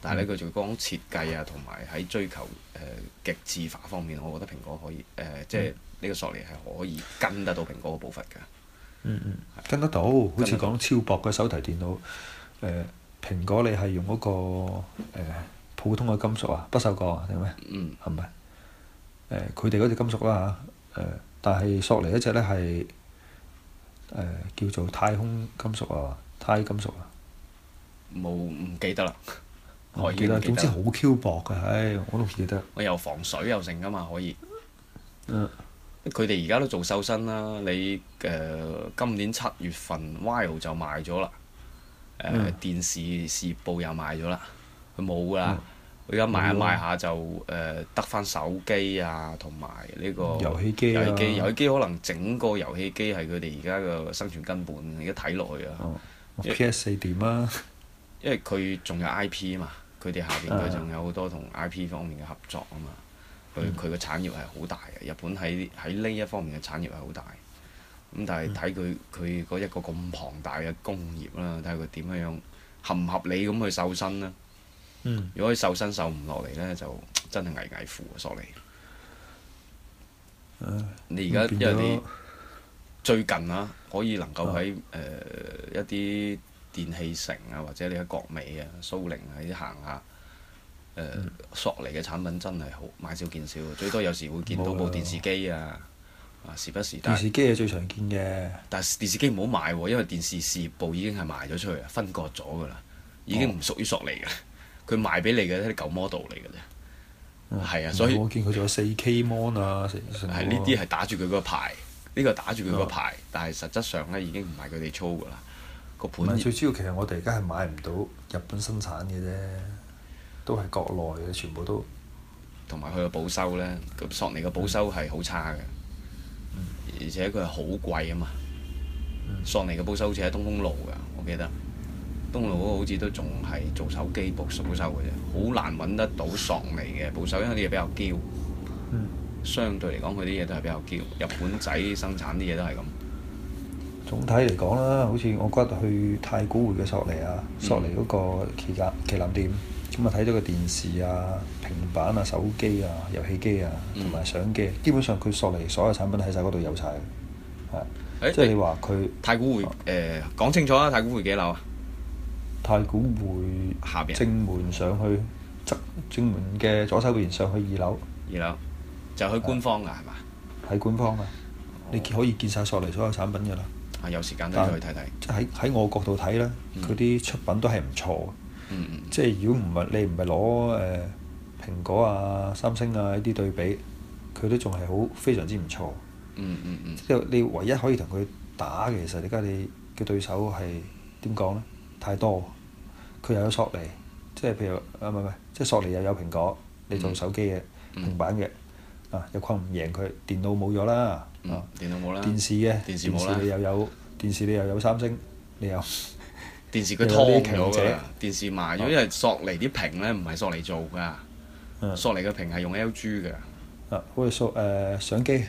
但係呢，佢就講設計啊，同埋喺追求誒、呃、極致化方面，我覺得蘋果可以誒、呃，即係呢個索尼係可以跟得到蘋果嘅步伐㗎。跟得到，好似講超薄嘅手提電腦誒、呃，蘋果你係用嗰、嗰個誒、呃、普通嘅金屬啊，不鏽鋼定咩？嗯。係唔係、嗯佢哋嗰隻金屬啦、呃、但係索尼一隻咧係、呃、叫做太空金屬啊，太金 t a 啊，冇唔記得啦、哎。我記得，總之好 Q 薄嘅，唉，我都唔記得。我又防水又剩噶嘛，可以。佢哋而家都做瘦身啦。你、呃、今年七月份 y o 就賣咗啦。誒、呃嗯、電視事業部又賣咗啦，佢冇㗎。嗯佢而家賣下賣一下就誒得翻手機啊，同埋呢個遊戲機遊、啊、遊戲機，啊、遊戲機可能整個遊戲機係佢哋而家嘅生存根本。而家睇落去啊、哦、，P.S. 四點為啊，因為佢仲有 I.P. 啊嘛，佢哋下邊佢仲有好多同 I.P. 方面嘅合作啊嘛。佢佢嘅產業係好大嘅，日本喺喺呢一方面嘅產業係好大。咁但係睇佢佢嗰一個咁龐大嘅工業啦，睇佢點樣樣合唔合理咁去瘦身啦。如果佢瘦身瘦唔落嚟呢，就真係危危乎，索尼，啊、你而家因為你最近啊，可以能夠喺、啊呃、一啲電器城啊，或者你喺國美啊、蘇寧啊呢啲行下，呃嗯、索尼嘅產品真係好買少見少，少，最多有時會見到部電視機啊，啊了時不時。但電視機係最常見嘅。但係電視機唔好買喎、啊，因為電視事業部已經係賣咗出去，分割咗㗎啦，已經唔屬於索尼㗎。哦 (laughs) 佢賣俾你嘅啲舊 model 嚟嘅啫，係啊，所以我見佢仲有四 K mon 啊，係呢啲係打住佢個牌，呢個打住佢個牌，但係實質上呢已經唔係佢哋操噶啦，個盤。最主要，其實我哋而家係買唔到日本生產嘅啫，都係國內嘅，全部都。同埋佢嘅保修呢，咁索尼嘅保修係好差嘅，而且佢係好貴啊嘛，索尼嘅保修好似喺東風路噶，我記得。東路好似都仲係做手機部掃手嘅啫，好、嗯、難揾得到索尼嘅部手，因為啲嘢比較嬌。嗯、相對嚟講，佢啲嘢都係比較嬌，日本仔生產啲嘢都係咁。總體嚟講啦，好似我覺得去太古匯嘅索尼啊，索尼嗰個旗艦、嗯、旗艦店，咁啊睇咗個電視啊、平板啊、手機啊、遊戲機啊，同埋、嗯、相機，基本上佢索尼所有產品喺晒嗰度有曬，係即係你話佢太古匯誒、呃、講清楚啊！太古匯幾樓啊？太古匯下邊正門上去，側正門嘅左手邊上去二樓。二樓就去官方㗎，係嘛？喺官方㗎，你可以見晒索尼所有產品㗎啦。啊，有時間都去睇睇。即係喺喺我角度睇咧，佢啲出品都係唔錯。嗯嗯。即係如果唔係你唔係攞誒蘋果啊、三星啊呢啲對比，佢都仲係好非常之唔錯。嗯嗯嗯。即係你唯一可以同佢打嘅，其實你家你嘅對手係點講咧？太多。佢又有索尼，即係譬如啊，唔係唔係，即係索尼又有蘋果，你做手機嘅、嗯、平板嘅啊，又困唔贏佢，電腦冇咗啦啊，電腦冇啦，嗯、電視嘅電視冇啦，你又有，電視你又有三星，你有電視佢拖咗啦， (laughs) (laughs) 電視賣咗，因為索尼啲屏咧唔係索尼做㗎，嗯、索尼嘅屏係用 LG 嘅好似索誒相機誒、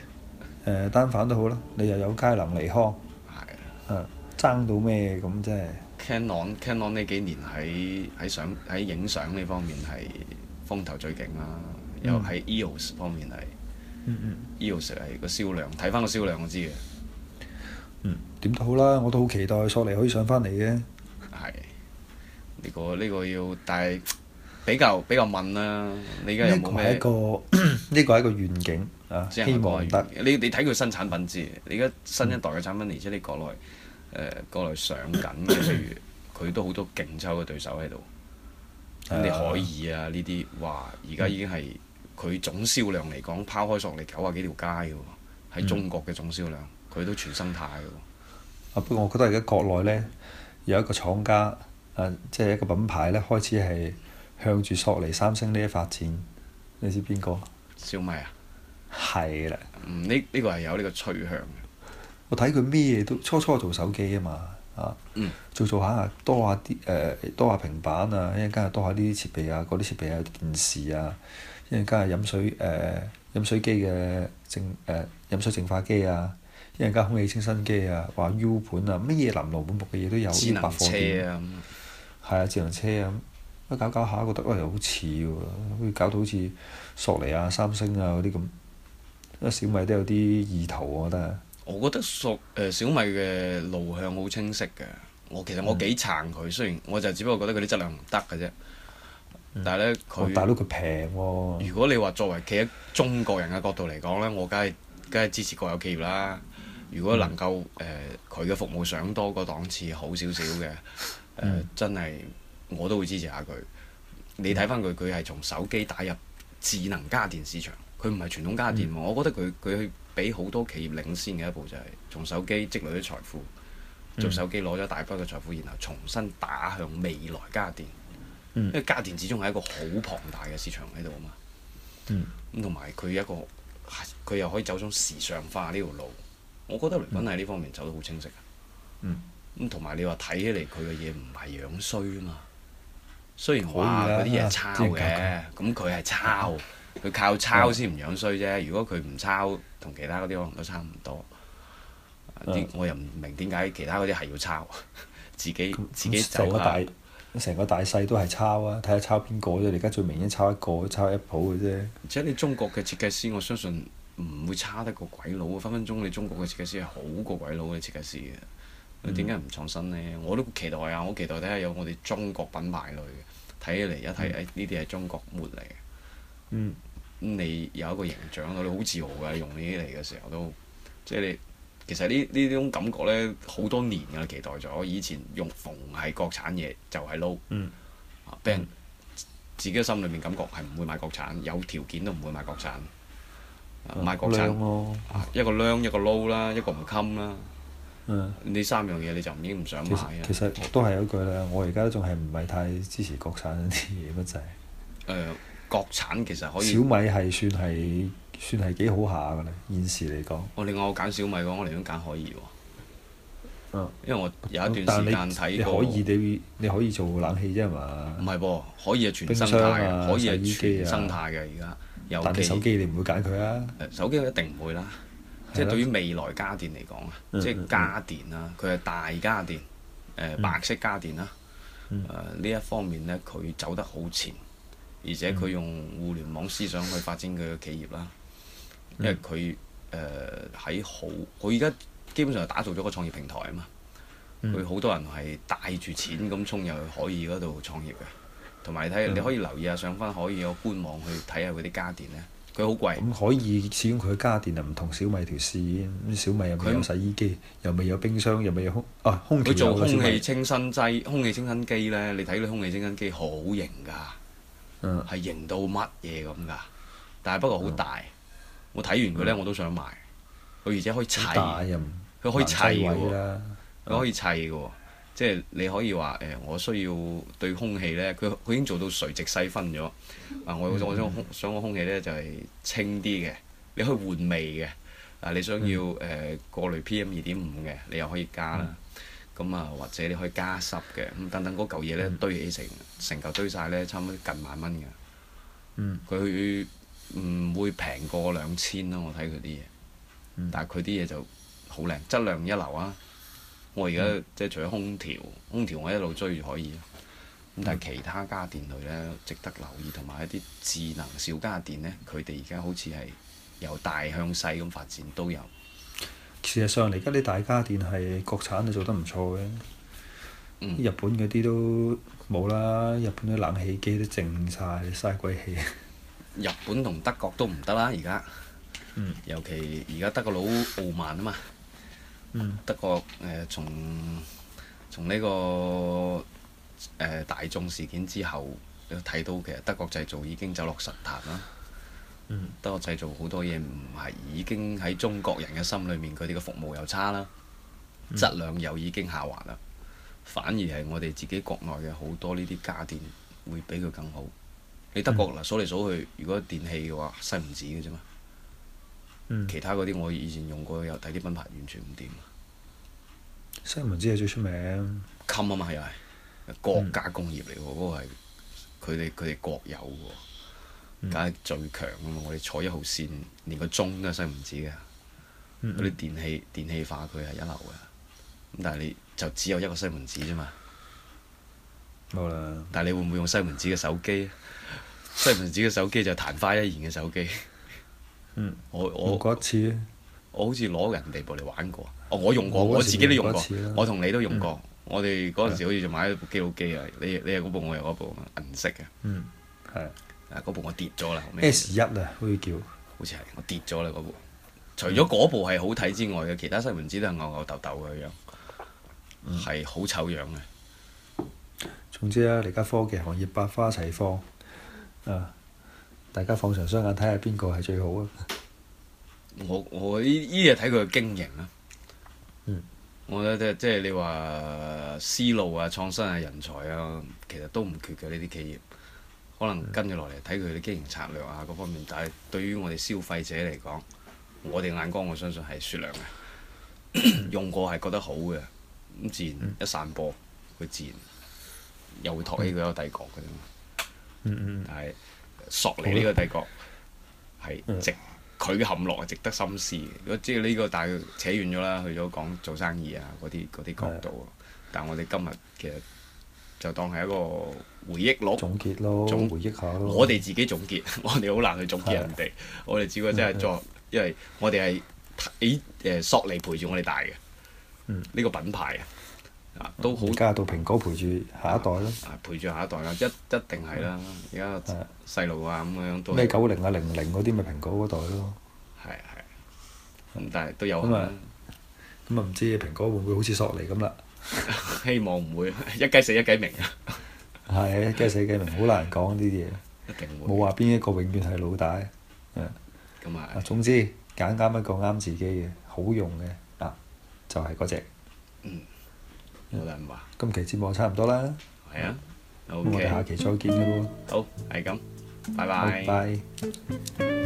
呃呃、單反都好啦，你又有佳能尼康，係 (laughs) 啊，爭到咩咁真係～Canon Canon 呢幾年喺喺相喺影相呢方面係風頭最勁啦、啊，嗯、又喺 EOS 方面係，EOS 係個銷量，睇翻個銷量我知嘅。嗯，點都好啦，我都好期待索尼可以上翻嚟嘅。係，呢、這個呢、呢個要，但係比較比較問啦、啊。你而家有冇一個呢個係一個願景啊，景希望得你你睇佢新產品知，你而家新一代嘅產品，嗯、而且你國內。誒國內上緊嘅，佢都好多勁抽嘅對手喺度，你海爾啊呢啲，哇而家已經係佢總銷量嚟講，拋開索尼九十幾條街嘅喎，喺中國嘅總銷量，佢都全生態嘅喎。不過我覺得而家國內呢，有一個廠家即係一個品牌呢，開始係向住索尼、三星呢一發展，你知邊個？小米啊！係啦。呢呢個係有呢個趨向。我睇佢咩都初初做手機啊嘛，啊、嗯、做做下多下啲誒、呃、多下平板啊，一陣間又多下啲設備啊，嗰啲設備啊電視啊，一陣間又飲水誒、呃、飲水機嘅淨誒飲水淨化機啊，一陣間空氣清新機啊，話 U 盤啊，乜嘢琳琅滿目嘅嘢都有啲百貨店，係啊，智能車啊，一、啊啊、搞搞下覺得喂好似好似搞到好似索尼啊、三星啊嗰啲咁，小米都有啲意圖，我覺得。我覺得索誒、呃、小米嘅路向好清晰嘅。我其實我幾撐佢，嗯、雖然我就只不過覺得佢啲質量唔得嘅啫。但係咧佢，但係佢平喎。他哦哦、如果你話作為企喺中國人嘅角度嚟講咧，我梗係梗係支持國有企業啦。如果能夠誒佢嘅服務上多個檔次好少少嘅，誒、嗯呃、真係我都會支持下佢。你睇翻佢，佢係、嗯、從手機打入智能家電市場，佢唔係傳統家電喎。嗯、我覺得佢佢。俾好多企業領先嘅一步就係從手機積累啲財富，做手機攞咗大筆嘅財富，然後重新打向未來家電，嗯、因為家電始終係一個好龐大嘅市場喺度啊嘛。咁同埋佢一個，佢又可以走種時尚化呢條路，我覺得聯想喺呢方面走得好清晰啊。咁同埋你話睇起嚟佢嘅嘢唔係樣衰啊嘛，雖然話嗰啲嘢係抄嘅，咁佢係抄。嗯佢靠抄先唔樣衰啫。如果佢唔抄，同其他嗰啲可能都差唔多。嗯、我又唔明點解其他嗰啲係要抄，自己、嗯、自己成個大成個大勢都係抄啊！睇下抄邊個啫。你而家最明顯抄一個，抄一 p 嘅啫。而且你中國嘅設計師，我相信唔會差得個鬼佬，分分鐘你中國嘅設計師係好過鬼佬嘅設計師嘅。點解唔創新呢？嗯、我都期待啊！我期待睇、啊、下有我哋中國品牌類嘅，睇起嚟一睇呢啲係中國末嚟嘅。嗯。咁你有一個形象，你好自豪㗎。用呢啲嚟嘅時候都，即係你其實呢呢種感覺呢，好多年嘅期待咗。以前用逢係國產嘢就係、是、撈、嗯，俾人、啊、自己心裏面感覺係唔會買國產，有條件都唔會買國產。啊、買國產咯、嗯嗯嗯，一個孏一個撈啦，一個唔襟啦。呢、嗯、三樣嘢你就已經唔想買啦。其實都係有一句啦，我而家仲係唔係太支持國產啲嘢乜滯。係、嗯 (laughs) (laughs) 國產其實可以，小米係算係算係幾好下嘅咧，現時嚟講。我另外我揀小米嘅，我寧願揀海爾喎。因為我有一段時間睇過。但你海爾你你可以做冷氣啫係嘛？唔係噃，可以係全生態，可以係全生態嘅而家。但你手機你唔會揀佢啊？手機一定唔會啦。即係對於未來家電嚟講啊，即係家電啊，佢係大家電，白色家電啦。呢一方面呢，佢走得好前。而且佢用互聯網思想去發展佢嘅企業啦，嗯、因為佢誒喺好，佢而家基本上打造咗個創業平台啊嘛。佢好、嗯、多人係帶住錢咁衝入去海爾嗰度創業嘅，同埋睇下，嗯、你可以留意下上翻海爾有官網去睇下佢啲家電呢。佢好貴。咁、嗯、可以始終佢嘅家電就唔同小米條線，小米又未有洗衣機，它又未有冰箱，又未有空啊空調，佢做空氣清新劑，劑、空氣清新機呢，你睇佢空氣清新機好型㗎。係型到乜嘢咁㗎，但係不過好大。嗯、我睇完佢咧，我都想買。佢而且可以砌，佢、嗯、可以砌嘅，佢可以砌嘅。即係你可以話誒、呃，我需要對空氣咧，佢佢已經做到垂直細分咗。啊、嗯，我我想空想個空氣咧就係、是、清啲嘅，你可以換味嘅。啊，你想要誒、嗯呃、過濾 PM 二點五嘅，你又可以加啦。嗯咁啊，或者你可以加濕嘅，咁等等嗰嚿嘢呢，堆起成、嗯、成嚿堆晒呢，差唔多近萬蚊嘅。佢唔、嗯、會平過兩千咯，我睇佢啲嘢。但係佢啲嘢就好靚，質量一流啊！我而家、嗯、即係除咗空調，空調我一路追住可以。咁但係其他家電類呢，值得留意，同埋一啲智能小家電呢，佢哋而家好似係由大向細咁發展都有。事實上而家啲大家電係國產都做得唔錯嘅，嗯、日本嗰啲都冇啦，日本啲冷氣機都靜晒，嘥鬼氣。日本同德國都唔得啦，而家。嗯、尤其而家德國佬傲慢啊嘛。嗯、德國誒、呃、從從呢、這個誒、呃、大眾事件之後，睇到其實德國製造已經走落神壇啦。德國製造好多嘢唔係已經喺中國人嘅心裏面，佢哋嘅服務又差啦，質量又已經下滑啦。反而係我哋自己國內嘅好多呢啲家電會比佢更好。你德國嗱、嗯、數嚟數去，如果電器嘅話，西門子嘅啫嘛。嗯、其他嗰啲我以前用過，有睇啲品牌完全唔掂。西門子係最出名，咁吖嘛又係國家工業嚟喎，嗰、嗯、個係佢哋佢哋國有喎。梗係最強噶嘛！我哋坐一號線，連個鐘都係西門子嘅。嗰啲電器電器化佢係一流嘅。咁但係你就只有一個西門子啫嘛。但係你會唔會用西門子嘅手機？西門子嘅手機就曇花一現嘅手機。我我。嗰次。我好似攞人哋部嚟玩過。我用過，我自己都用過。我同你都用過。我哋嗰陣時好似就買咗部機老機啊！你你有嗰部，我有嗰部銀色嘅。嗰部我跌咗啦，後 S 一啊，好似叫，好似係我跌咗啦嗰部。除咗嗰部係好睇之外，其他西門子都係吽吽豆豆嘅樣，係好醜樣嘅。總之啦、啊，而家科技行業百花齊放，啊，大家放長雙眼睇下邊個係最好啊！我我呢啲嘢睇佢嘅經營啊，嗯，我覺得即係即係你話思路啊、創新啊、人才啊，其實都唔缺嘅呢啲企業。可能跟住落嚟睇佢嘅經營策略啊，各方面，但係對於我哋消費者嚟講，我哋眼光我相信係雪亮嘅。 (coughs) 用過係覺得好嘅，咁自然一散播，佢自然又會托起佢一個帝國嘅啫嘛。嗯係、嗯，但係索尼呢個帝國係值，佢嘅的陷落係值得深思。嗯、如果即係呢個，但係佢扯遠咗啦，去咗講做生意啊嗰啲嗰啲角度。的但係我哋今日嘅。就當係一個回憶錄，總結咯，總回憶下咯。我哋自己總結，我哋好難去總結人哋。啊、我哋只不過真係作，啊、因為我哋係喺索尼陪住我哋大嘅。呢、嗯、個品牌啊，都好。加到蘋果陪住下一代咯，陪住下一代啦，一一定係啦。而家細路啊咁樣都。咩九零啊零零嗰啲咪蘋果嗰代咯？係係。但係都有咁啊，唔知蘋果會唔會好似索尼咁啦？ (laughs) 希望唔會一雞死一雞鳴啊！係一雞死一雞鳴，好難講呢啲嘢。一定冇話邊一個永遠係老大啊！ (laughs) 嗯、總之揀啱 (laughs) 一個啱自己嘅好用嘅啊，就係嗰隻。嗯、今期節目差唔多啦。係 (laughs) 啊。Okay、咁我哋下期再見嘅喎。好，係咁，拜拜。拜。Okay,